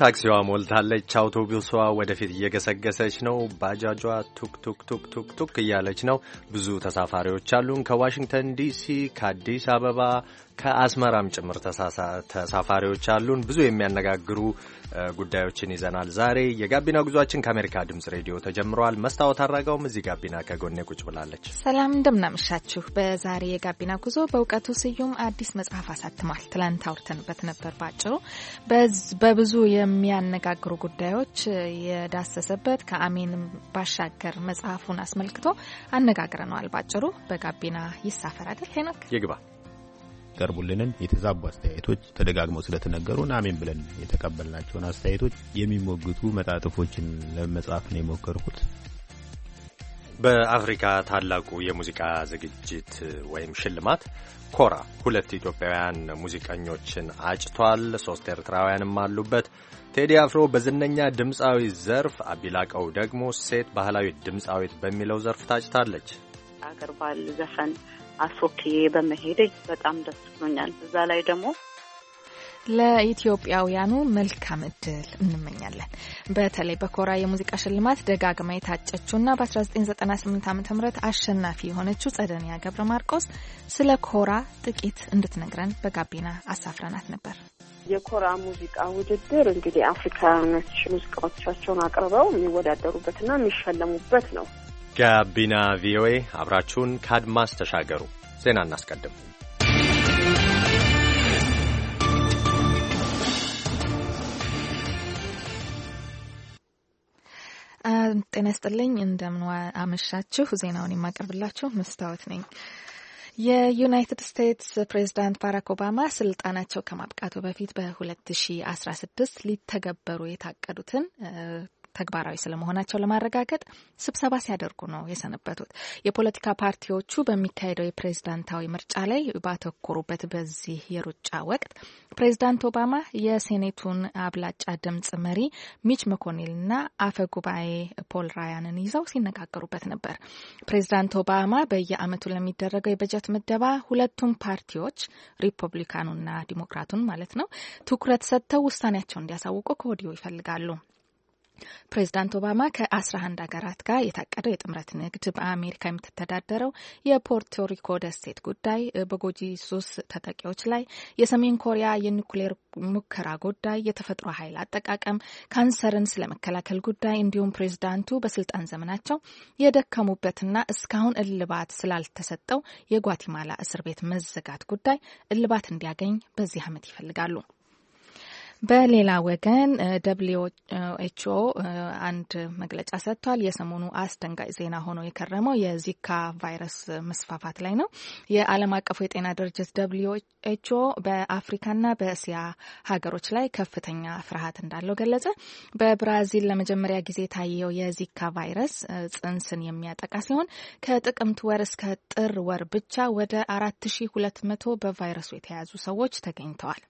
ታክሲዋ ሞልታለች። አውቶቡሷ ወደፊት እየገሰገሰች ነው። ባጃጇ ቱክ ቱክ ቱክ ቱክ ቱክ እያለች ነው። ብዙ ተሳፋሪዎች አሉን። ከዋሽንግተን ዲሲ፣ ከአዲስ አበባ፣ ከአስመራም ጭምር ተሳፋሪዎች አሉን። ብዙ የሚያነጋግሩ ጉዳዮችን ይዘናል። ዛሬ የጋቢና ጉዟችን ከአሜሪካ ድምጽ ሬዲዮ ተጀምረዋል። መስታወት አድራጋውም እዚህ ጋቢና ከጎኔ ቁጭ ብላለች። ሰላም እንደምናመሻችሁ። በዛሬ የጋቢና ጉዞ በእውቀቱ ስዩም አዲስ መጽሐፍ አሳትሟል። ትላንት አውርተንበት ነበር። ባጭሩ በብዙ የሚያነጋግሩ ጉዳዮች የዳሰሰበት ከአሜን ባሻገር መጽሐፉን አስመልክቶ አነጋግረነዋል። ባጭሩ በጋቢና ይሳፈር አይደል ሄኖክ ይግባ የሚቀርቡልንን የተዛቡ አስተያየቶች ተደጋግመው ስለተነገሩን አሜን ብለን የተቀበልናቸውን አስተያየቶች የሚሞግቱ መጣጥፎችን ለመጻፍ ነው የሞከርኩት። በአፍሪካ ታላቁ የሙዚቃ ዝግጅት ወይም ሽልማት ኮራ ሁለት ኢትዮጵያውያን ሙዚቀኞችን አጭቷል። ሶስት ኤርትራውያንም አሉበት። ቴዲ አፍሮ በዝነኛ ድምፃዊ ዘርፍ፣ አቢላቀው ደግሞ ሴት ባህላዊ ድምፃዊት በሚለው ዘርፍ ታጭታለች። አገር ባል ዘፈን አሶኬ በመሄድ በጣም ደስ ብሎኛል። እዛ ላይ ደግሞ ለኢትዮጵያውያኑ መልካም እድል እንመኛለን። በተለይ በኮራ የሙዚቃ ሽልማት ደጋግማ የታጨችውና በ1998 ዓ ም አሸናፊ የሆነችው ጸደንያ ገብረ ማርቆስ ስለ ኮራ ጥቂት እንድትነግረን በጋቢና አሳፍረናት ነበር። የኮራ ሙዚቃ ውድድር እንግዲህ አፍሪካኖች ሙዚቃዎቻቸውን አቅርበው የሚወዳደሩበትና የሚሸለሙበት ነው። ጋቢና ቪኦኤ አብራችሁን ከአድማስ ተሻገሩ። ዜና እናስቀድም። ጤና ይስጥልኝ፣ እንደምን አመሻችሁ። ዜናውን የማቀርብላችሁ መስታወት ነኝ። የዩናይትድ ስቴትስ ፕሬዚዳንት ባራክ ኦባማ ስልጣናቸው ከማብቃቱ በፊት በ2016 ሊተገበሩ የታቀዱትን ተግባራዊ ስለመሆናቸው ለማረጋገጥ ስብሰባ ሲያደርጉ ነው የሰነበቱት። የፖለቲካ ፓርቲዎቹ በሚካሄደው የፕሬዝዳንታዊ ምርጫ ላይ ባተኮሩበት በዚህ የሩጫ ወቅት ፕሬዝዳንት ኦባማ የሴኔቱን አብላጫ ድምጽ መሪ ሚች መኮኔልና አፈ ጉባኤ ፖል ራያንን ይዘው ሲነጋገሩበት ነበር። ፕሬዝዳንት ኦባማ በየአመቱ ለሚደረገው የበጀት ምደባ ሁለቱም ፓርቲዎች ሪፐብሊካኑና ዲሞክራቱን ማለት ነው ትኩረት ሰጥተው ውሳኔያቸውን እንዲያሳውቁ ከወዲሁ ይፈልጋሉ። ፕሬዚዳንት ኦባማ ከ11 ሀገራት ጋር የታቀደው የጥምረት ንግድ በአሜሪካ የምትተዳደረው የፖርቶሪኮ ደሴት ጉዳይ፣ በጎጂ ሱስ ተጠቂዎች ላይ የሰሜን ኮሪያ የኒኩሌር ሙከራ ጉዳይ፣ የተፈጥሮ ኃይል አጠቃቀም፣ ካንሰርን ስለመከላከል ጉዳይ እንዲሁም ፕሬዚዳንቱ በስልጣን ዘመናቸው የደከሙበትና እስካሁን እልባት ስላልተሰጠው የጓቲማላ እስር ቤት መዘጋት ጉዳይ እልባት እንዲያገኝ በዚህ ዓመት ይፈልጋሉ። በሌላ ወገን ደብሊው ኤች ኦ አንድ መግለጫ ሰጥቷል። የሰሞኑ አስደንጋጭ ዜና ሆኖ የከረመው የዚካ ቫይረስ መስፋፋት ላይ ነው። የዓለም አቀፉ የጤና ድርጅት ደብሊዩ ኤች ኦ በአፍሪካና በእስያ ሀገሮች ላይ ከፍተኛ ፍርሃት እንዳለው ገለጸ። በብራዚል ለመጀመሪያ ጊዜ የታየው የዚካ ቫይረስ ጽንስን የሚያጠቃ ሲሆን ከጥቅምት ወር እስከ ጥር ወር ብቻ ወደ አራት ሺ ሁለት መቶ በቫይረሱ የተያዙ ሰዎች ተገኝተዋል።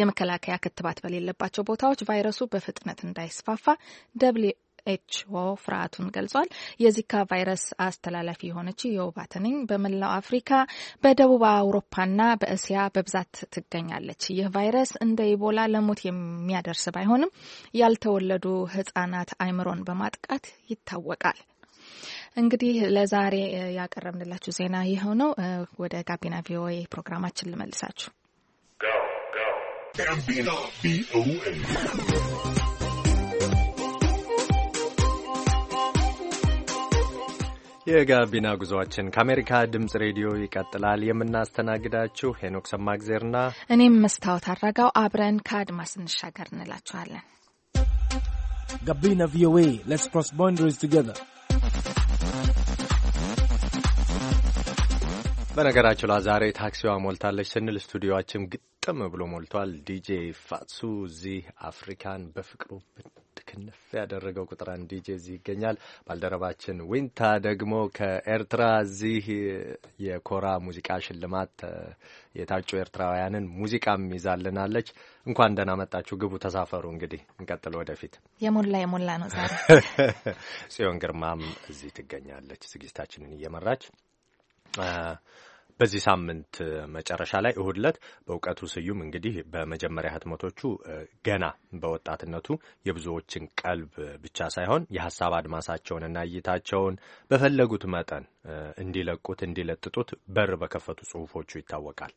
የመከላከያ ክትባት በሌለባቸው ቦታዎች ቫይረሱ በፍጥነት እንዳይስፋፋ ደብሊው ኤችኦ ፍርሃቱን ገልጿል። የዚካ ቫይረስ አስተላላፊ የሆነች የወባ ትንኝ በመላው አፍሪካ፣ በደቡብ አውሮፓና በእስያ በብዛት ትገኛለች። ይህ ቫይረስ እንደ ኢቦላ ለሞት የሚያደርስ ባይሆንም ያልተወለዱ ሕጻናት አይምሮን በማጥቃት ይታወቃል። እንግዲህ ለዛሬ ያቀረብንላችሁ ዜና ይኸው ነው። ወደ ጋቢና ቪኦኤ ፕሮግራማችን ልመልሳችሁ። የጋቢና ጉዟችን ከአሜሪካ ድምጽ ሬዲዮ ይቀጥላል። የምናስተናግዳችሁ ሄኖክ ሰማግዜርና እኔም መስታወት አድረጋው አብረን ከአድማስ ስንሻገር እንላችኋለን። ጋቢና ቪኦኤ ሌትስ ክሮስ ቦንደሪስ ቱጌዘር በነገራችሁ ላይ ዛሬ ታክሲዋ ሞልታለች ስንል ስቱዲዮችን ግጥም ብሎ ሞልቷል። ዲጄ ፋሱ እዚህ አፍሪካን በፍቅሩ ብትክንፍ ያደረገው ቁጥራን ዲጄ እዚህ ይገኛል። ባልደረባችን ዊንታ ደግሞ ከኤርትራ እዚህ የኮራ ሙዚቃ ሽልማት የታጩ ኤርትራውያንን ሙዚቃም ይዛልናለች። እንኳን ደህና መጣችሁ። ግቡ፣ ተሳፈሩ። እንግዲህ እንቀጥል ወደፊት። የሞላ የሞላ ነው ዛሬ። ጽዮን ግርማም እዚህ ትገኛለች ዝግጅታችንን እየመራች በዚህ ሳምንት መጨረሻ ላይ እሁድ ዕለት በእውቀቱ ስዩም እንግዲህ በመጀመሪያ ህትመቶቹ ገና በወጣትነቱ የብዙዎችን ቀልብ ብቻ ሳይሆን የሀሳብ አድማሳቸውንና እይታቸውን በፈለጉት መጠን እንዲለቁት እንዲለጥጡት በር በከፈቱ ጽሁፎቹ ይታወቃል።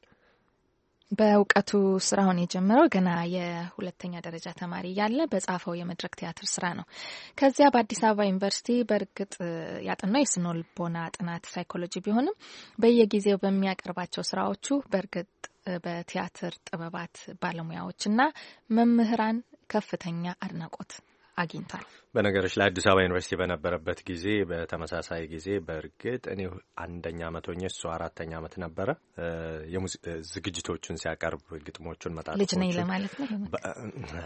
በእውቀቱ ስራውን የጀመረው ገና የሁለተኛ ደረጃ ተማሪ እያለ በጻፈው የመድረክ ቲያትር ስራ ነው። ከዚያ በአዲስ አበባ ዩኒቨርሲቲ በእርግጥ ያጠናው የስነ ልቦና ጥናት ሳይኮሎጂ ቢሆንም በየጊዜው በሚያቀርባቸው ስራዎቹ በእርግጥ በቲያትር ጥበባት ባለሙያዎችና መምህራን ከፍተኛ አድናቆት አግኝቷል። በነገሮች ላይ አዲስ አበባ ዩኒቨርሲቲ በነበረበት ጊዜ በተመሳሳይ ጊዜ በእርግጥ እኔ አንደኛ አመቶኝ እሱ አራተኛ አመት ነበረ ዝግጅቶቹን ሲያቀርብ ግጥሞቹን መጣ ልጅ ነኝ ለማለት ነው።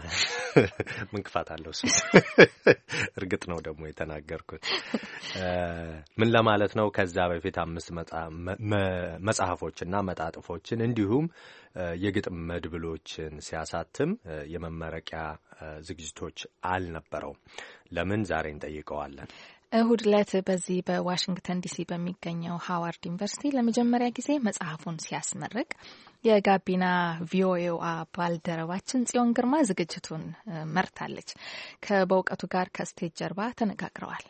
ምን ክፋት አለው? እርግጥ ነው ደግሞ የተናገርኩት ምን ለማለት ነው። ከዛ በፊት አምስት መጽሐፎችና መጣጥፎችን እንዲሁም የግጥም መድብሎችን ሲያሳትም የመመረቂያ ዝግጅቶች አልነበረውም። ለምን ዛሬ እንጠይቀዋለን። እሁድ ዕለት በዚህ በዋሽንግተን ዲሲ በሚገኘው ሀዋርድ ዩኒቨርሲቲ ለመጀመሪያ ጊዜ መጽሐፉን ሲያስመርቅ የጋቢና ቪኦኤዋ ባልደረባችን ጽዮን ግርማ ዝግጅቱን መርታለች። ከበእውቀቱ ጋር ከስቴጅ ጀርባ ተነጋግረዋል።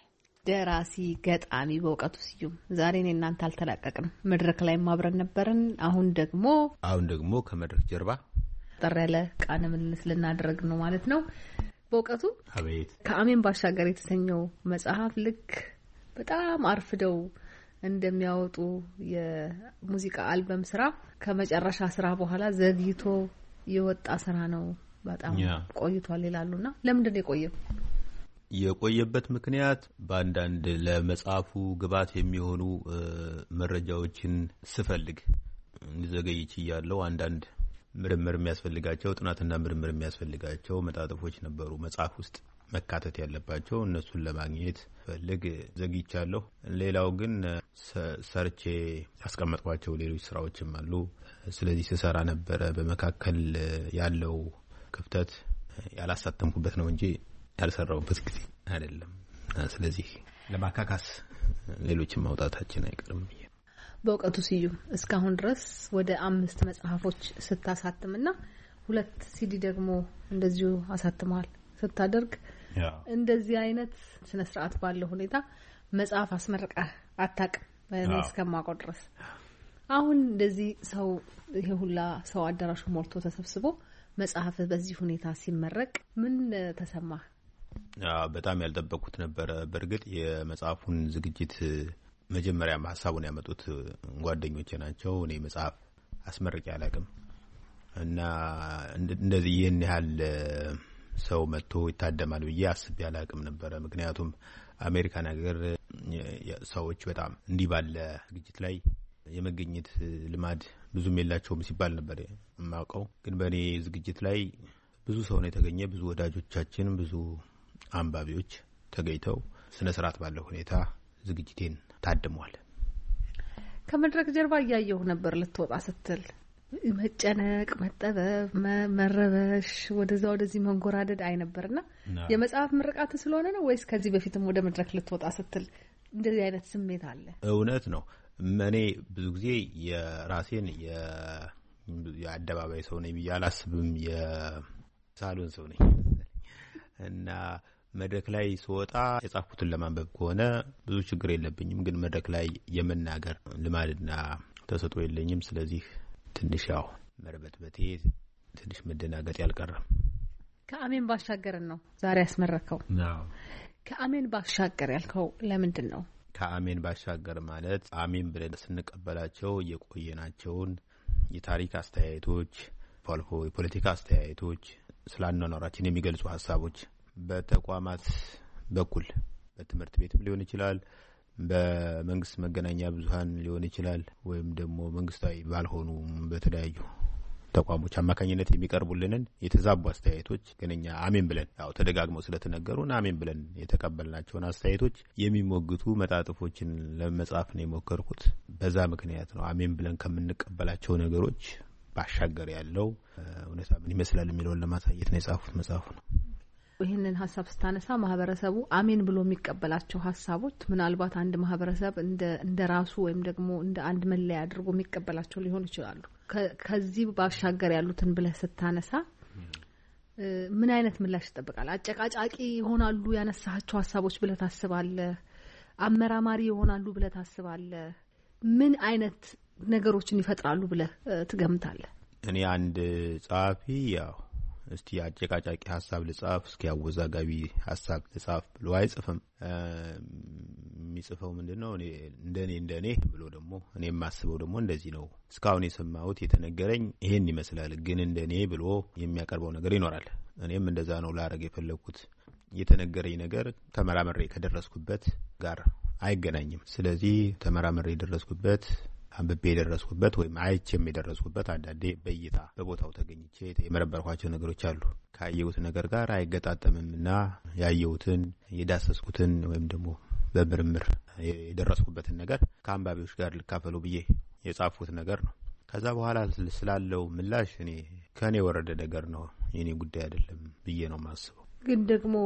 ደራሲ ገጣሚ በእውቀቱ ስዩም ዛሬ እኔ እናንተ አልተላቀቅም መድረክ ላይ ማብረን ነበርን። አሁን ደግሞ አሁን ደግሞ ከመድረክ ጀርባ ጠር ያለ ቃለ ምልልስ ነው ማለት ነው። በእውቀቱ አቤት። ከአሜን ባሻገር የተሰኘው መጽሐፍ ልክ በጣም አርፍደው እንደሚያወጡ የሙዚቃ አልበም ስራ ከመጨረሻ ስራ በኋላ ዘግይቶ የወጣ ስራ ነው። በጣም ቆይቷል ይላሉና ለምንድን ነው የቆየው? የቆየበት ምክንያት በአንዳንድ ለመጽሐፉ ግብዓት የሚሆኑ መረጃዎችን ስፈልግ ዘገይች እያለው አንዳንድ ምርምር የሚያስፈልጋቸው ጥናትና ምርምር የሚያስፈልጋቸው መጣጥፎች ነበሩ መጽሐፍ ውስጥ መካተት ያለባቸው እነሱን ለማግኘት ፈልግ ዘግይቻለሁ። ሌላው ግን ሰርቼ ያስቀመጥኳቸው ሌሎች ስራዎችም አሉ። ስለዚህ ስሰራ ነበረ። በመካከል ያለው ክፍተት ያላሳተምኩበት ነው እንጂ ያልሰራውበት ጊዜ አይደለም። ስለዚህ ለማካካስ ሌሎችን ማውጣታችን አይቀርም። በእውቀቱ ስዩም እስካሁን ድረስ ወደ አምስት መጽሐፎች ስታሳትምና ሁለት ሲዲ ደግሞ እንደዚሁ አሳትመዋል ስታደርግ እንደዚህ አይነት ስነ ስርዓት ባለው ሁኔታ መጽሐፍ አስመርቀ አታቅም እስከማቆ እስከማውቀው ድረስ። አሁን እንደዚህ ሰው ይሄ ሁላ ሰው አዳራሹ ሞልቶ ተሰብስቦ መጽሐፍ በዚህ ሁኔታ ሲመረቅ ምን ተሰማ? በጣም ያልጠበቁት ነበረ። በእርግጥ የመጽሐፉን ዝግጅት መጀመሪያም ሀሳቡን ያመጡት ጓደኞቼ ናቸው። እኔ መጽሐፍ አስመርቄ አላቅም እና እንደዚህ ይህን ያህል ሰው መጥቶ ይታደማል ብዬ አስቤ አላቅም ነበረ። ምክንያቱም አሜሪካን ሀገር ሰዎች በጣም እንዲህ ባለ ዝግጅት ላይ የመገኘት ልማድ ብዙም የላቸውም ሲባል ነበር የማውቀው። ግን በእኔ ዝግጅት ላይ ብዙ ሰው ነው የተገኘ። ብዙ ወዳጆቻችን፣ ብዙ አንባቢዎች ተገኝተው ስነ ስርዓት ባለው ሁኔታ ዝግጅቴን ታድሟል። ከመድረክ ጀርባ እያየሁ ነበር ልትወጣ ስትል መጨነቅ፣ መጠበብ፣ መረበሽ፣ ወደዛ ወደዚህ መንጎራደድ አይነበር የመጽሐፍ ምርቃት ስለሆነ ነው ወይስ ከዚህ በፊትም ወደ መድረክ ልትወጣ ስትል እንደዚህ አይነት ስሜት አለ? እውነት ነው። እኔ ብዙ ጊዜ የራሴን የአደባባይ ሰው ነኝ ብዬ አላስብም። የሳሎን ሰው ነኝ እና መድረክ ላይ ስወጣ የጻፍኩትን ለማንበብ ከሆነ ብዙ ችግር የለብኝም። ግን መድረክ ላይ የመናገር ልማድና ተሰጦ የለኝም። ስለዚህ ትንሽ ያው መርበትበቴ፣ ትንሽ መደናገጥ ያልቀረም ከአሜን ባሻገርን ነው ዛሬ ያስመረከው። ከአሜን ባሻገር ያልከው ለምንድን ነው? ከአሜን ባሻገር ማለት አሜን ብለን ስንቀበላቸው የቆየናቸውን የታሪክ አስተያየቶች አልፎ የፖለቲካ አስተያየቶች ስለ አኗኗራችን የሚገልጹ ሀሳቦች በተቋማት በኩል በትምህርት ቤትም ሊሆን ይችላል፣ በመንግስት መገናኛ ብዙሀን ሊሆን ይችላል፣ ወይም ደግሞ መንግስታዊ ባልሆኑ በተለያዩ ተቋሞች አማካኝነት የሚቀርቡልንን የተዛቡ አስተያየቶች ግን እኛ አሜን ብለን ያው ተደጋግመው ስለተነገሩን አሜን ብለን የተቀበልናቸውን አስተያየቶች የሚሞግቱ መጣጥፎችን ለመጻፍ ነው የሞከርኩት። በዛ ምክንያት ነው አሜን ብለን ከምንቀበላቸው ነገሮች ባሻገር ያለው እውነታ ምን ይመስላል የሚለውን ለማሳየት ነው የጻፉት መጽሐፉ ነው። ይህንን ሀሳብ ስታነሳ ማህበረሰቡ አሜን ብሎ የሚቀበላቸው ሀሳቦች ምናልባት አንድ ማህበረሰብ እንደ ራሱ ወይም ደግሞ እንደ አንድ መለያ አድርጎ የሚቀበላቸው ሊሆኑ ይችላሉ። ከዚህ ባሻገር ያሉትን ብለህ ስታነሳ ምን አይነት ምላሽ ይጠብቃል? አጨቃጫቂ ይሆናሉ ያነሳቸው ሀሳቦች ብለህ ታስባለህ? አመራማሪ ይሆናሉ ብለህ ታስባለህ? ምን አይነት ነገሮችን ይፈጥራሉ ብለህ ትገምታለህ? እኔ አንድ ጸሐፊ ያው እስቲ አጨቃጫቂ ሀሳብ ልጻፍ፣ እስኪ አወዛጋቢ ሀሳብ ልጻፍ ብሎ አይጽፍም። የሚጽፈው ምንድን ነው? እንደኔ እንደኔ ብሎ ደግሞ እኔ የማስበው ደግሞ እንደዚህ ነው፣ እስካሁን የሰማሁት የተነገረኝ ይሄን ይመስላል፣ ግን እንደኔ ብሎ የሚያቀርበው ነገር ይኖራል። እኔም እንደዛ ነው ላረግ የፈለግኩት። የተነገረኝ ነገር ተመራመሬ ከደረስኩበት ጋር አይገናኝም። ስለዚህ ተመራመሬ የደረስኩበት አንብቤ የደረስኩበት ወይም አይቼም የደረስኩበት አንዳንዴ በእይታ በቦታው ተገኝቼ የመረመርኳቸው ነገሮች አሉ። ካየሁት ነገር ጋር አይገጣጠምም እና ያየሁትን የዳሰስኩትን ወይም ደግሞ በምርምር የደረስኩበትን ነገር ከአንባቢዎች ጋር ልካፈሉ ብዬ የጻፉት ነገር ነው። ከዛ በኋላ ስላለው ምላሽ እኔ ከእኔ የወረደ ነገር ነው፣ የኔ ጉዳይ አይደለም ብዬ ነው የማስበው። ግን ደግሞ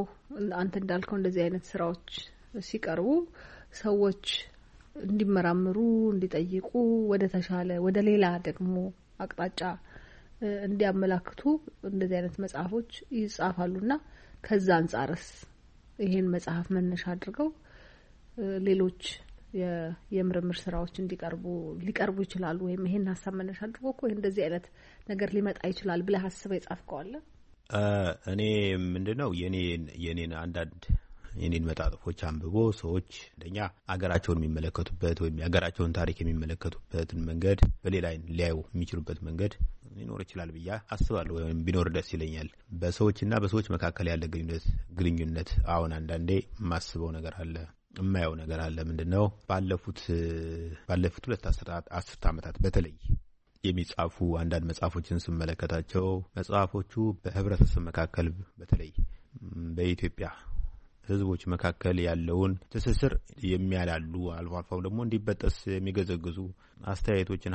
አንተ እንዳልከው እንደዚህ አይነት ስራዎች ሲቀርቡ ሰዎች እንዲመራምሩ፣ እንዲጠይቁ ወደ ተሻለ ወደ ሌላ ደግሞ አቅጣጫ እንዲያመላክቱ እንደዚህ አይነት መጽሐፎች ይጻፋሉና ከዛ አንጻርስ ይሄን መጽሐፍ መነሻ አድርገው ሌሎች የምርምር ስራዎች እንዲቀርቡ ሊቀርቡ ይችላሉ። ወይም ይሄን ሀሳብ መነሻ አድርጎ እኮ እንደዚህ አይነት ነገር ሊመጣ ይችላል ብለህ ሀስበህ የጻፍከዋለ? እኔ ምንድነው የኔን አንዳንድ የኔን መጣጥፎች አንብቦ ሰዎች እንደኛ አገራቸውን የሚመለከቱበት ወይም የሀገራቸውን ታሪክ የሚመለከቱበትን መንገድ በሌላ አይን ሊያዩ የሚችሉበት መንገድ ሊኖር ይችላል ብዬ አስባለሁ። ወይም ቢኖር ደስ ይለኛል። በሰዎችና በሰዎች መካከል ያለ ግንኙነት ግንኙነት አሁን አንዳንዴ የማስበው ነገር አለ የማየው ነገር አለ። ምንድን ነው ባለፉት ባለፉት ሁለት አስርት ዓመታት በተለይ የሚጻፉ አንዳንድ መጽሐፎችን ስመለከታቸው መጽሐፎቹ በህብረተሰብ መካከል በተለይ በኢትዮጵያ ህዝቦች መካከል ያለውን ትስስር የሚያላሉ አልፎ አልፎም ደግሞ እንዲበጠስ የሚገዘግዙ አስተያየቶችን፣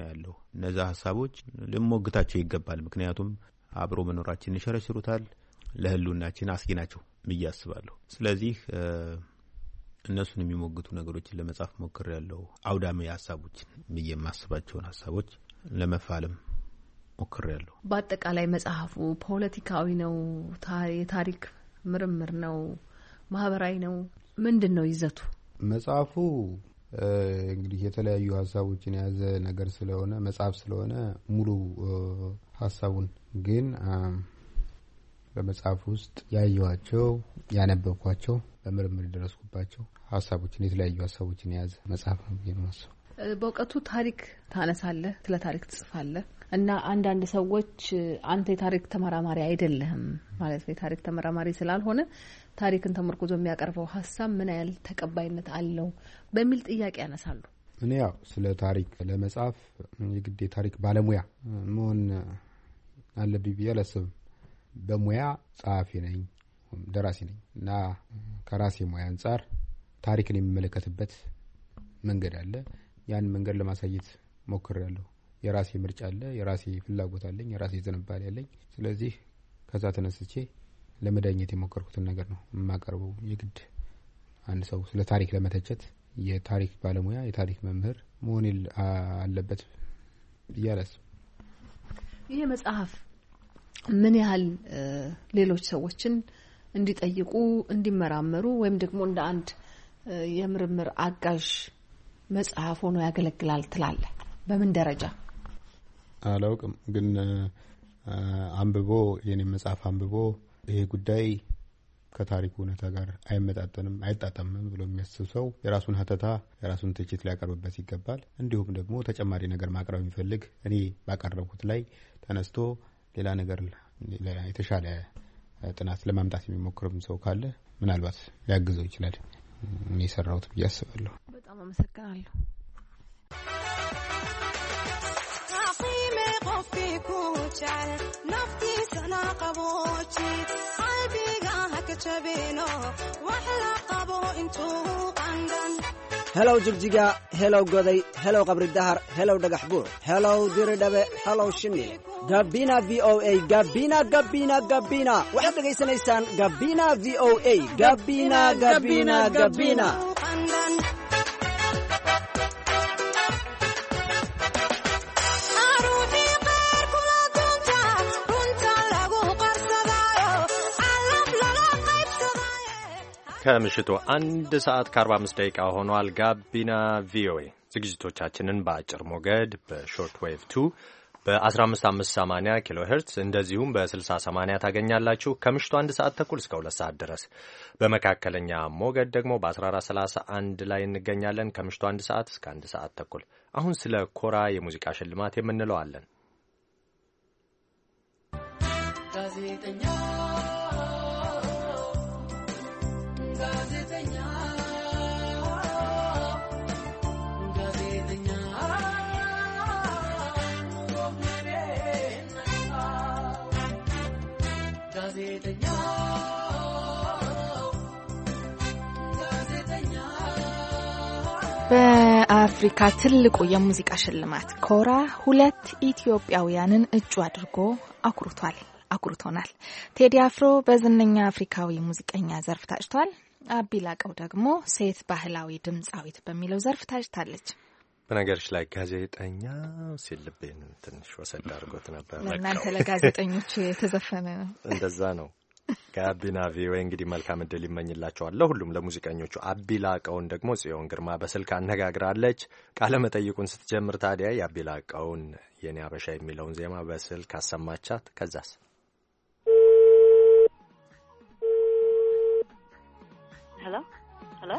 ነው ያለው እነዚ ሀሳቦች ልሞግታቸው ይገባል። ምክንያቱም አብሮ መኖራችን ይሸረሽሩታል፣ ለህልውናችን አስጊ ናቸው ብዬ አስባለሁ። ስለዚህ እነሱን የሚሞግቱ ነገሮችን ለመጻፍ ሞክር ያለው አውዳሚ ሀሳቦችን ብዬ የማስባቸውን ሀሳቦች ለመፋለም ሞክር ያለሁ። በአጠቃላይ መጽሐፉ ፖለቲካዊ ነው፣ የታሪክ ምርምር ነው ማህበራዊ ነው? ምንድን ነው ይዘቱ? መጽሐፉ እንግዲህ የተለያዩ ሀሳቦችን የያዘ ነገር ስለሆነ መጽሐፍ ስለሆነ ሙሉ ሀሳቡን ግን በመጽሐፍ ውስጥ ያየኋቸው ያነበብኳቸው በምርምር የደረስኩባቸው ሀሳቦችን የተለያዩ ሀሳቦችን የያዘ መጽሐፍ ነው ብዬ ነው ማስበው። በእውቀቱ ታሪክ ታነሳለህ፣ ስለ ታሪክ ትጽፋለህ እና አንዳንድ ሰዎች አንተ የታሪክ ተመራማሪ አይደለህም ማለት ነው የታሪክ ተመራማሪ ስላልሆነ ታሪክን ተመርኮዞ የሚያቀርበው ሀሳብ ምን ያህል ተቀባይነት አለው በሚል ጥያቄ ያነሳሉ። እኔ ያው ስለ ታሪክ ለመጻፍ የግድ ታሪክ ባለሙያ መሆን አለብኝ ብዬ አላስብም። በሙያ ጸሐፊ ነኝ፣ ደራሲ ነኝ እና ከራሴ ሙያ አንጻር ታሪክን የሚመለከትበት መንገድ አለ። ያን መንገድ ለማሳየት ሞክሬያለሁ። የራሴ ምርጫ አለ፣ የራሴ ፍላጎት አለኝ፣ የራሴ ዝንባሌ አለኝ። ስለዚህ ከዛ ተነስቼ ለመዳኘት የሞከርኩትን ነገር ነው የማቀርበው። የግድ አንድ ሰው ስለ ታሪክ ለመተቸት የታሪክ ባለሙያ የታሪክ መምህር መሆን አለበት ብዬ ይህ መጽሐፍ ምን ያህል ሌሎች ሰዎችን እንዲጠይቁ እንዲመራመሩ ወይም ደግሞ እንደ አንድ የምርምር አጋዥ መጽሐፍ ሆኖ ያገለግላል ትላለህ? በምን ደረጃ አላውቅም፣ ግን አንብቦ የኔ መጽሐፍ አንብቦ ይሄ ጉዳይ ከታሪኩ እውነታ ጋር አይመጣጠንም፣ አይጣጣምም ብሎ የሚያስብ ሰው የራሱን ሀተታ የራሱን ትችት ሊያቀርብበት ይገባል። እንዲሁም ደግሞ ተጨማሪ ነገር ማቅረብ የሚፈልግ እኔ ባቀረብኩት ላይ ተነስቶ ሌላ ነገር የተሻለ ጥናት ለማምጣት የሚሞክርም ሰው ካለ ምናልባት ሊያግዘው ይችላል። እኔ የሰራሁት ብዬ አስባለሁ። በጣም አመሰግናለሁ። qofkii ku jecel naftiisana qabooji qalbiga haka jabino wax la qabo intuu qandan helow jubjiga helow goday helow qabri dahar helow dhagax buur helow diridhabe helow shimil gabina v o a gabina gabina gabina waxaad dhegaysanaysaan gabina v o a gabina gabina gabina ከምሽቱ አንድ ሰዓት ከ45 ደቂቃ ሆኗል። ጋቢና ቪኦኤ ዝግጅቶቻችንን በአጭር ሞገድ በሾርት ዌቭ ቱ በ1558 ኪሎ ሄርትስ እንደዚሁም በ6080 ታገኛላችሁ። ከምሽቱ አንድ ሰዓት ተኩል እስከ ሁለት ሰዓት ድረስ በመካከለኛ ሞገድ ደግሞ በ1431 ላይ እንገኛለን። ከምሽቱ አንድ ሰዓት እስከ አንድ ሰዓት ተኩል አሁን ስለ ኮራ የሙዚቃ ሽልማት የምንለው አለን። ጋዜጠኛ በአፍሪካ ትልቁ የሙዚቃ ሽልማት ኮራ ሁለት ኢትዮጵያውያንን እጩ አድርጎ አኩርቷል አኩርቶናል። ቴዲ አፍሮ በዝነኛ አፍሪካዊ ሙዚቀኛ ዘርፍ ታጭቷል። አቢላቀው ደግሞ ሴት ባህላዊ ድምፃዊት በሚለው ዘርፍ ታጭታለች። በነገሮች ላይ ጋዜጠኛ ሲል ልቤን ትንሽ ወሰድ አድርጎት ነበር። ለእናንተ ለጋዜጠኞች የተዘፈነ ነው። እንደዛ ነው። ጋቢና ቪኦኤ እንግዲህ መልካም እድል ይመኝላቸዋል ለሁሉም ለሙዚቀኞቹ። አቢላቀውን ደግሞ ጽዮን ግርማ በስልክ አነጋግራለች። ቃለ መጠይቁን ስትጀምር ታዲያ የአቢላቀውን የኔ አበሻ የሚለውን ዜማ በስልክ አሰማቻት። ከዛስ ሄሎ ሄሎ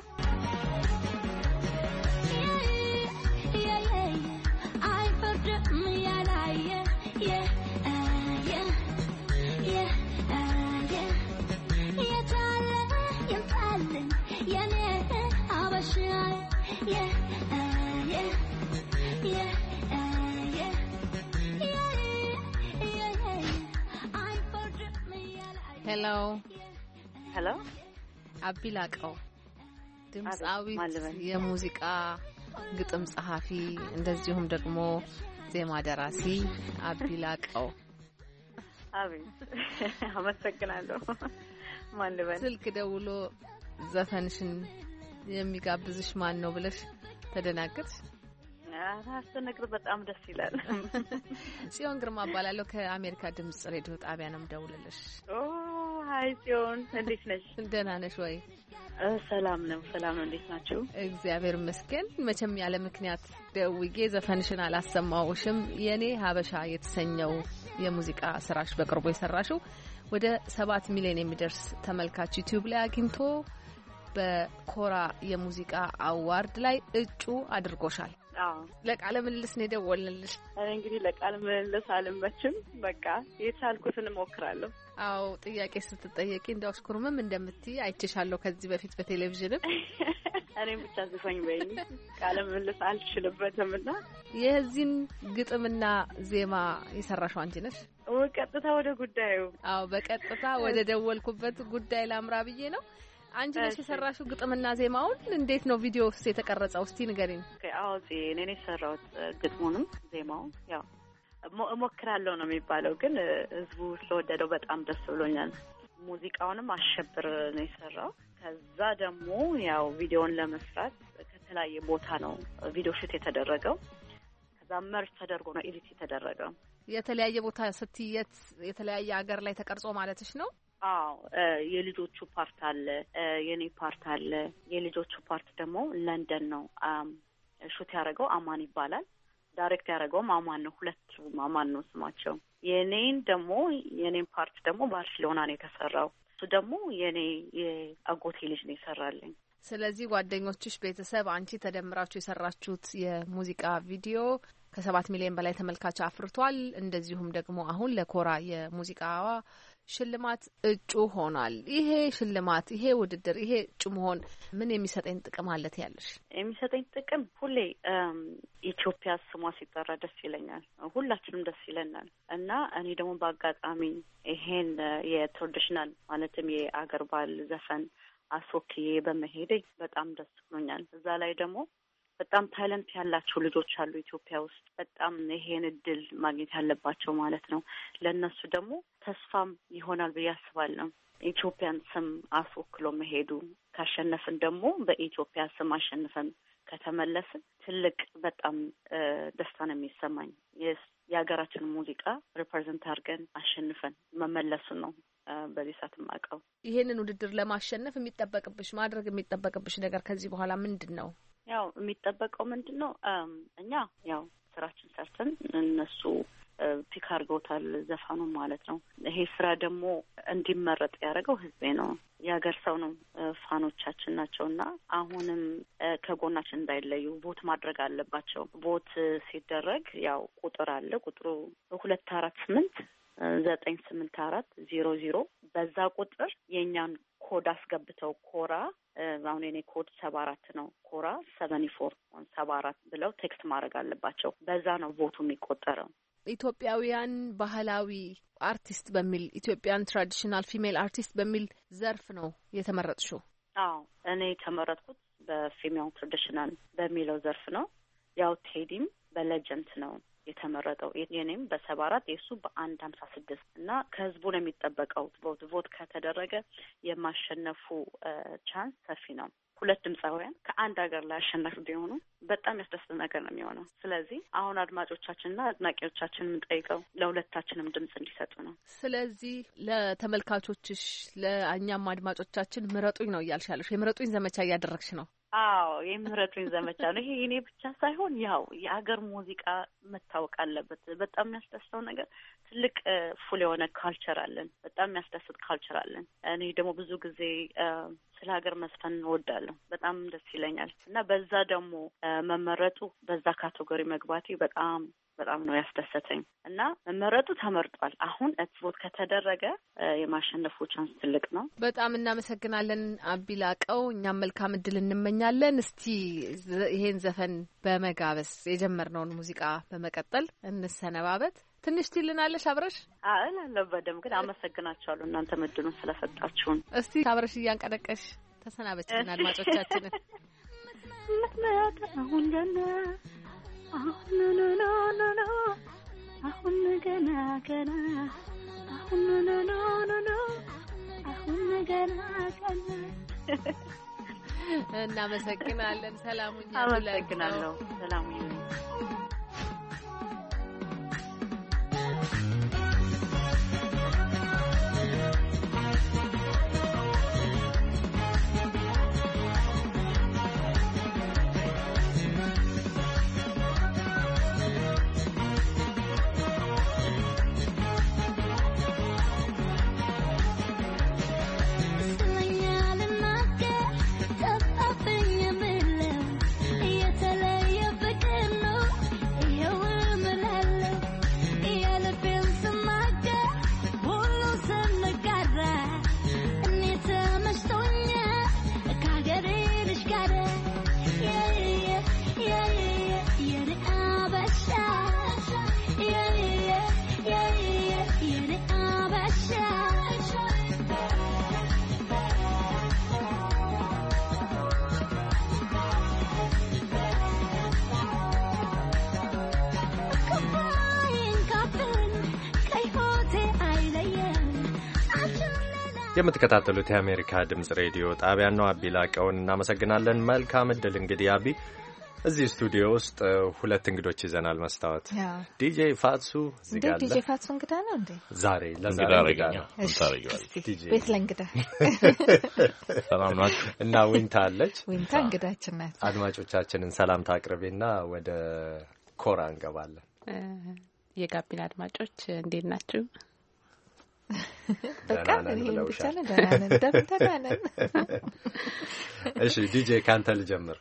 ሄሎ ሄሎ፣ አቢላቀው ድምፃዊት፣ የሙዚቃ ግጥም ጸሐፊ እንደዚሁም ደግሞ ዜማ ደራሲ አቢላቀው አቤት፣ አመሰግናለሁ። ማን ልበል? ስልክ ደውሎ ዘፈንሽን የሚጋብዝሽ ማን ነው ብለሽ ተደናገጥሽ? አስተነግር በጣም ደስ ይላል። ጽዮን ግርማ እባላለሁ ከአሜሪካ ድምጽ ሬዲዮ ጣቢያ ነው የምደውልልሽ። ኦ ሀይ ሲሆን እንዴት ነሽ? ደህና ነሽ ወይ? ሰላም ነው፣ ሰላም ነው። እንዴት ናችሁ? እግዚአብሔር ይመስገን። መቼም ያለ ምክንያት ደውዬ ዘፈንሽን አላሰማውሽም። የእኔ ሀበሻ የተሰኘው የሙዚቃ ስራሽ በቅርቡ የሰራሽው ወደ ሰባት ሚሊዮን የሚደርስ ተመልካች ዩቲዩብ ላይ አግኝቶ በኮራ የሙዚቃ አዋርድ ላይ እጩ አድርጎሻል። ለቃለ ምልልስ ነው የደወልንልሽ። እንግዲህ ለቃለ ምልልስ አልመችም፣ በቃ የቻልኩትን እሞክራለሁ። አው ጥያቄ ስትጠየቂ እንደ አስኩርምም እንደምትይ አይችሻለሁ ከዚህ በፊት በቴሌቪዥንም። እኔም ብቻ ዝፈኝ በይ ቃለ ምልስ አልችልበትም። ና የዚህን ግጥምና ዜማ የሰራሽው አንቺ ነሽ? ቀጥታ ወደ ጉዳዩ። አዎ በቀጥታ ወደ ደወልኩበት ጉዳይ ላምራ ብዬ ነው። አንቺ ነሽ የሰራሽው ግጥምና ዜማውን? እንዴት ነው ቪዲዮ ውስጥ የተቀረጸው? እስቲ ንገሪኝ። አዎ እኔ ነኝ የሰራሁት ግጥሙንም ዜማውን ያው እሞክራለሁ ነው የሚባለው። ግን ህዝቡ ስለወደደው በጣም ደስ ብሎኛል። ሙዚቃውንም አሸብር ነው የሰራው። ከዛ ደግሞ ያው ቪዲዮን ለመስራት ከተለያየ ቦታ ነው ቪዲዮ ሽት የተደረገው። ከዛ መርጅ ተደርጎ ነው ኤዲት የተደረገው። የተለያየ ቦታ ስትየት የተለያየ ሀገር ላይ ተቀርጾ ማለትሽ ነው? አዎ የልጆቹ ፓርት አለ፣ የኔ ፓርት አለ። የልጆቹ ፓርት ደግሞ ለንደን ነው ሹት ያደረገው። አማን ይባላል ዳይሬክት ያደረገው ማማን ነው። ሁለቱ ማማን ነው ስማቸው። የኔን ደግሞ የኔን ፓርት ደግሞ ባርሴሎና ነው የተሰራው። እሱ ደግሞ የኔ የአጎቴ ልጅ ነው የሰራልኝ። ስለዚህ ጓደኞችሽ፣ ቤተሰብ፣ አንቺ ተደምራችሁ የሰራችሁት የሙዚቃ ቪዲዮ ከሰባት ሚሊዮን በላይ ተመልካች አፍርቷል። እንደዚሁም ደግሞ አሁን ለኮራ የሙዚቃዋ ሽልማት እጩ ሆኗል። ይሄ ሽልማት፣ ይሄ ውድድር፣ ይሄ እጩ መሆን ምን የሚሰጠኝ ጥቅም አለት ያለሽ? የሚሰጠኝ ጥቅም ሁሌ ኢትዮጵያ ስሟ ሲጠራ ደስ ይለኛል። ሁላችንም ደስ ይለናል እና እኔ ደግሞ በአጋጣሚ ይሄን የትራዲሽናል ማለትም የአገር ባህል ዘፈን አስወክዬ በመሄደኝ በጣም ደስ ብሎኛል። እዛ ላይ ደግሞ በጣም ታለንት ያላቸው ልጆች አሉ ኢትዮጵያ ውስጥ በጣም ይሄን እድል ማግኘት ያለባቸው ማለት ነው። ለእነሱ ደግሞ ተስፋም ይሆናል ብዬ አስባለሁ። ኢትዮጵያን ስም አስወክሎ መሄዱ ካሸነፍን ደግሞ በኢትዮጵያ ስም አሸንፈን ከተመለስን ትልቅ በጣም ደስታ ነው የሚሰማኝ። የሀገራችን ሙዚቃ ሪፕሬዘንት አድርገን አሸንፈን መመለሱ ነው በዚህ ሰዓት ማቀው ይሄንን ውድድር ለማሸነፍ የሚጠበቅብሽ ማድረግ የሚጠበቅብሽ ነገር ከዚህ በኋላ ምንድን ነው? ያው የሚጠበቀው ምንድን ነው? እኛ ያው ስራችን ሰርተን እነሱ ፒክ አድርገውታል ዘፋኑ ማለት ነው። ይሄ ስራ ደግሞ እንዲመረጥ ያደረገው ህዝቤ ነው፣ የሀገር ሰው ነው፣ ፋኖቻችን ናቸው እና አሁንም ከጎናችን እንዳይለዩ ቦት ማድረግ አለባቸው። ቦት ሲደረግ ያው ቁጥር አለ። ቁጥሩ ሁለት አራት ስምንት ዘጠኝ ስምንት አራት ዜሮ ዜሮ በዛ ቁጥር የእኛን ኮድ አስገብተው ኮራ አሁን የኔ ኮድ ሰባ አራት ነው። ኮራ ሰቨኒ ፎር ሰባ አራት ብለው ቴክስት ማድረግ አለባቸው። በዛ ነው ቦቱ የሚቆጠረው። ኢትዮጵያውያን ባህላዊ አርቲስት በሚል ኢትዮጵያን ትራዲሽናል ፊሜል አርቲስት በሚል ዘርፍ ነው የተመረጥሽው? አዎ እኔ የተመረጥኩት በፊሜል ትራዲሽናል በሚለው ዘርፍ ነው። ያው ቴዲም በሌጀንት ነው የተመረጠው የኔም በሰባ አራት የእሱ በአንድ ሀምሳ ስድስት እና ከህዝቡ ነው የሚጠበቀው ቮት ቮት ከተደረገ የማሸነፉ ቻንስ ሰፊ ነው። ሁለት ድምፃውያን ከአንድ ሀገር ላይ አሸናፊ ቢሆኑ በጣም ያስደስት ነገር ነው የሚሆነው። ስለዚህ አሁን አድማጮቻችንና አድናቂዎቻችን የምንጠይቀው ለሁለታችንም ድምጽ እንዲሰጡ ነው። ስለዚህ ለተመልካቾችሽ ለእኛም አድማጮቻችን ምረጡኝ ነው እያልሻለሽ፣ የምረጡኝ ዘመቻ እያደረግሽ ነው። አዎ የሚረዱኝ ዘመቻ ነው። ይሄ እኔ ብቻ ሳይሆን ያው የአገር ሙዚቃ መታወቅ አለበት። በጣም የሚያስደስተው ነገር ትልቅ ፉል የሆነ ካልቸር አለን። በጣም የሚያስደስት ካልቸር አለን። እኔ ደግሞ ብዙ ጊዜ ስለ ሀገር መዝፈን እንወዳለሁ። በጣም ደስ ይለኛል እና በዛ ደግሞ መመረጡ በዛ ካቴጎሪ መግባቴ በጣም በጣም ነው ያስደሰተኝ እና መመረጡ ተመርጧል። አሁን ቮት ከተደረገ የማሸነፉ ቻንስ ትልቅ ነው። በጣም እናመሰግናለን አቢላቀው። እኛም መልካም እድል እንመኛለን። እስቲ ይሄን ዘፈን በመጋበስ የጀመርነውን ሙዚቃ በመቀጠል እንሰነባበት። ትንሽ ትልናለሽ አብረሽ እላለሁ። በደምብ ግን አመሰግናችኋለሁ እናንተ ምድኑን ስለሰጣችሁን። እስቲ አብረሽ እያንቀደቀሽ ተሰናበችልን አድማጮቻችንን አሁን አሁን ገና ገና አሁን አሁን ገና ገና እናመሰግናለን። ሰላሙ አመሰግናለሁ። ሰላሙ የምትከታተሉት የአሜሪካ ድምፅ ሬዲዮ ጣቢያን ነው። አቢ ላቀውን እናመሰግናለን። መልካም እድል። እንግዲህ አቢ እዚህ ስቱዲዮ ውስጥ ሁለት እንግዶች ይዘናል። መስታወት ዲጄ ፋትሱ እዚህ ዲጄ ፋትሱ እንግዳ ነው እንዴ? ዛሬ ለዛሬ ቤት ለእንግዳ ሰላም ናችሁ። እና ዊንታ አለች። ዊንታ እንግዳችን ናት። አድማጮቻችንን ሰላምታ አቅርቤና ወደ ኮራ እንገባለን። የጋቢና አድማጮች እንዴት ናችሁ? በቃ ብቻ እሺ ዲጄ ካንተ ልጀምር።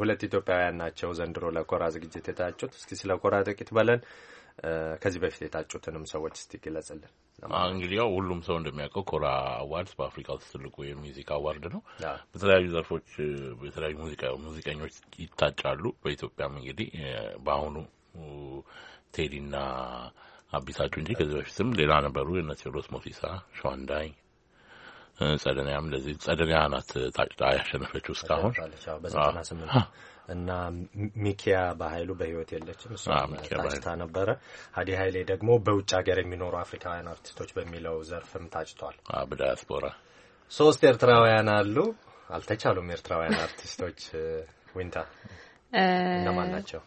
ሁለት ኢትዮጵያውያን ናቸው ዘንድሮ ለኮራ ዝግጅት የታጩት። እስኪ ስለ ኮራ ጥቂት በለን። ከዚህ በፊት የታጩትንም ሰዎች እስቲ ግለጽልን። እንግዲህ ያው ሁሉም ሰው እንደሚያውቀው ኮራ አዋርድስ በአፍሪካ ውስጥ ትልቁ የሙዚቃ አዋርድ ነው። በተለያዩ ዘርፎች የተለያዩ ሙዚቀኞች ይታጫሉ። በኢትዮጵያም እንግዲህ በአሁኑ ቴዲና አቢታችሁ እንጂ ከዚህ በፊትም ሌላ ነበሩ። የነ ቴዎድሮስ ሞሲሳ ሸዋንዳኝ ጸደኒያም ለዚህ ጸደኒያ ናት ታጭዳ ያሸነፈችው እስካሁን በዘጠና ስምንት እና ሚኪያ በሀይሉ በህይወት የለችም። እሷ ነበረ። ሀዲ ሀይሌ ደግሞ በውጭ ሀገር የሚኖሩ አፍሪካውያን አርቲስቶች በሚለው ዘርፍም ታጭቷል። በዳያስፖራ ሶስት ኤርትራውያን አሉ። አልተቻሉም። ኤርትራውያን አርቲስቶች ዊንታ እነማን ናቸው?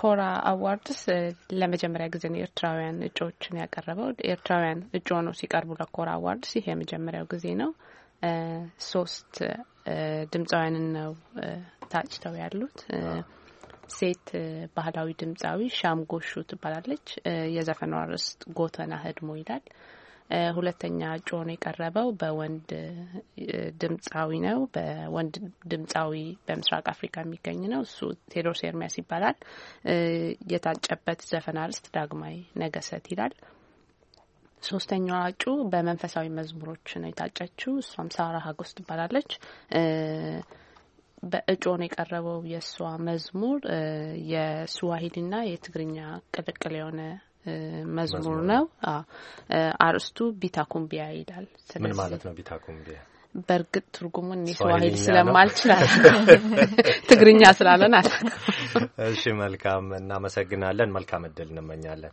ኮራ አዋርድስ ለመጀመሪያ ጊዜ ነው ኤርትራውያን እጩዎችን ያቀረበው። ኤርትራውያን እጩ ሆነው ሲቀርቡ ለኮራ አዋርድስ ይህ የመጀመሪያው ጊዜ ነው። ሶስት ድምፃውያንን ነው ታጭተው ያሉት። ሴት ባህላዊ ድምፃዊ ሻምጎሹ ትባላለች። የዘፈኗ ርዕስ ጎተና ህድሞ ይላል። ሁለተኛ እጩ ሆኖ የቀረበው በወንድ ድምፃዊ ነው። በወንድ ድምፃዊ በምስራቅ አፍሪካ የሚገኝ ነው። እሱ ቴዎድሮስ ኤርሚያስ ይባላል። የታጨበት ዘፈን አርስት ዳግማዊ ነገሰት ይላል። ሶስተኛዋ እጩ በመንፈሳዊ መዝሙሮች ነው የታጨችው። እሷም ሳራ ሀጎስ ትባላለች። በእጩ ነው የቀረበው የእሷ መዝሙር የስዋሂሊና የትግርኛ ቅልቅል የሆነ መዝሙር ነው። አርእስቱ ቢታኩምቢያ ይላል። ምን ማለት ነው ቢታኩምቢያ? በእርግጥ ትርጉሙን ስዋሂል ስለማልችላል ትግርኛ ስላለን አለ። እሺ መልካም እናመሰግናለን። መልካም እድል እንመኛለን።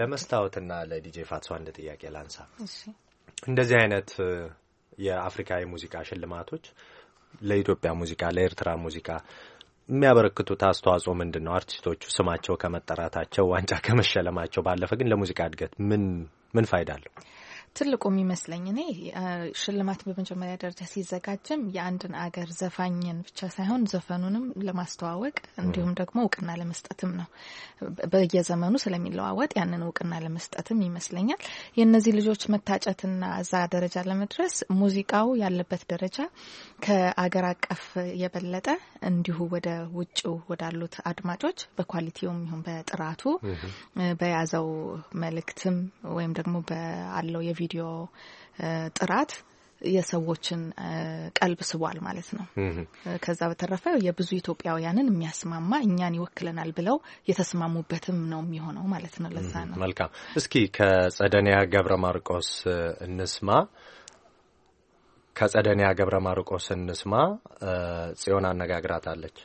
ለመስታወትና ለዲጄ ፋትሶ አንድ ጥያቄ ላንሳ። እንደዚህ አይነት የአፍሪካ የሙዚቃ ሽልማቶች ለኢትዮጵያ ሙዚቃ፣ ለኤርትራ ሙዚቃ የሚያበረክቱት አስተዋጽኦ ምንድን ነው? አርቲስቶቹ ስማቸው ከመጠራታቸው ዋንጫ ከመሸለማቸው ባለፈ ግን ለሙዚቃ እድገት ምን ምን ፋይዳ አለው? ትልቁ የሚመስለኝ እኔ ሽልማት በመጀመሪያ ደረጃ ሲዘጋጅም የአንድን አገር ዘፋኝን ብቻ ሳይሆን ዘፈኑንም ለማስተዋወቅ እንዲሁም ደግሞ እውቅና ለመስጠትም ነው። በየዘመኑ ስለሚለዋወጥ ያንን እውቅና ለመስጠትም ይመስለኛል። የእነዚህ ልጆች መታጨትና እዛ ደረጃ ለመድረስ ሙዚቃው ያለበት ደረጃ ከአገር አቀፍ የበለጠ እንዲሁ ወደ ውጭው ወዳሉት አድማጮች በኳሊቲውም ይሁን በጥራቱ በያዘው መልእክትም ወይም ደግሞ በአለው የቪዲዮ ጥራት የሰዎችን ቀልብ ስቧል ማለት ነው። ከዛ በተረፈ የብዙ ኢትዮጵያውያንን የሚያስማማ እኛን ይወክለናል ብለው የተስማሙበትም ነው የሚሆነው ማለት ነው። ለዛ ነው። መልካም። እስኪ ከጸደንያ ገብረ ማርቆስ እንስማ። ከጸደንያ ገብረ ማርቆስ እንስማ። ጽዮን አነጋግራታለች።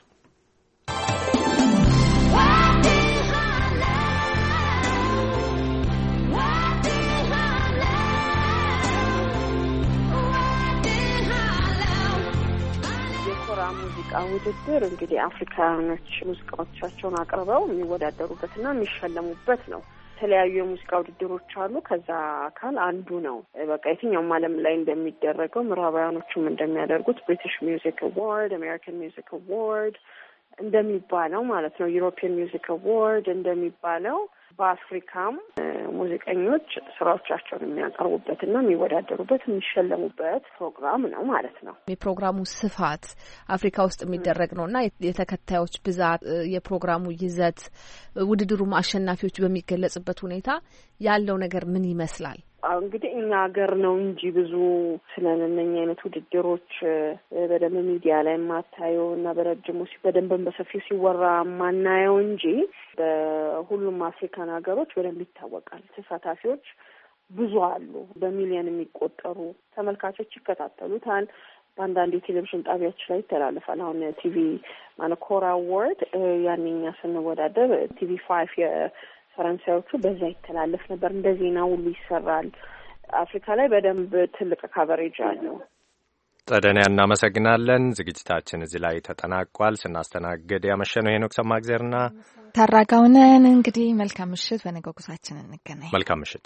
የሙዚቃ ውድድር እንግዲህ አፍሪካውያኖች ሙዚቃዎቻቸውን አቅርበው የሚወዳደሩበትና የሚሸለሙበት ነው። የተለያዩ የሙዚቃ ውድድሮች አሉ። ከዛ አካል አንዱ ነው። በቃ የትኛውም ዓለም ላይ እንደሚደረገው ምዕራባውያኖቹም እንደሚያደርጉት ብሪቲሽ ሚውዚክ አዋርድ፣ አሜሪካን ሚውዚክ አዋርድ እንደሚባለው ማለት ነው ዩሮፒያን ሚውዚክ አዋርድ እንደሚባለው በአፍሪካም ሙዚቀኞች ስራዎቻቸውን የሚያቀርቡበትና የሚወዳደሩበት የሚሸለሙበት ፕሮግራም ነው ማለት ነው። የፕሮግራሙ ስፋት አፍሪካ ውስጥ የሚደረግ ነው እና የተከታዮች ብዛት፣ የፕሮግራሙ ይዘት፣ ውድድሩ አሸናፊዎች በሚገለጽበት ሁኔታ ያለው ነገር ምን ይመስላል? እንግዲህ እኛ ሀገር ነው እንጂ ብዙ ስለነነኝ አይነት ውድድሮች በደንብ ሚዲያ ላይ የማታየው እና በረጅሙ በደንብን በሰፊው ሲወራ ማናየው እንጂ በሁሉም አፍሪካን ሀገሮች በደንብ ይታወቃል። ተሳታፊዎች ብዙ አሉ። በሚሊዮን የሚቆጠሩ ተመልካቾች ይከታተሉታል። በአንዳንድ የቴሌቪዥን ጣቢያዎች ላይ ይተላለፋል። አሁን ቲቪ ማለት ኮራ ዎርድ ያንኛ ስንወዳደር ቲቪ ፋይፍ ፈረንሳዮቹ በዛ ይተላለፍ ነበር። እንደ ዜና ሁሉ ይሰራል። አፍሪካ ላይ በደንብ ትልቅ ካቨሬጅ አለው። ጸደንያ፣ እናመሰግናለን። ዝግጅታችን እዚህ ላይ ተጠናቋል። ስናስተናግድ ያመሸነው ሄኖክ ሰማእግዜርና ታራጋውነን። እንግዲህ መልካም ምሽት። በነገው ጉዟችን እንገናኝ። መልካም ምሽት።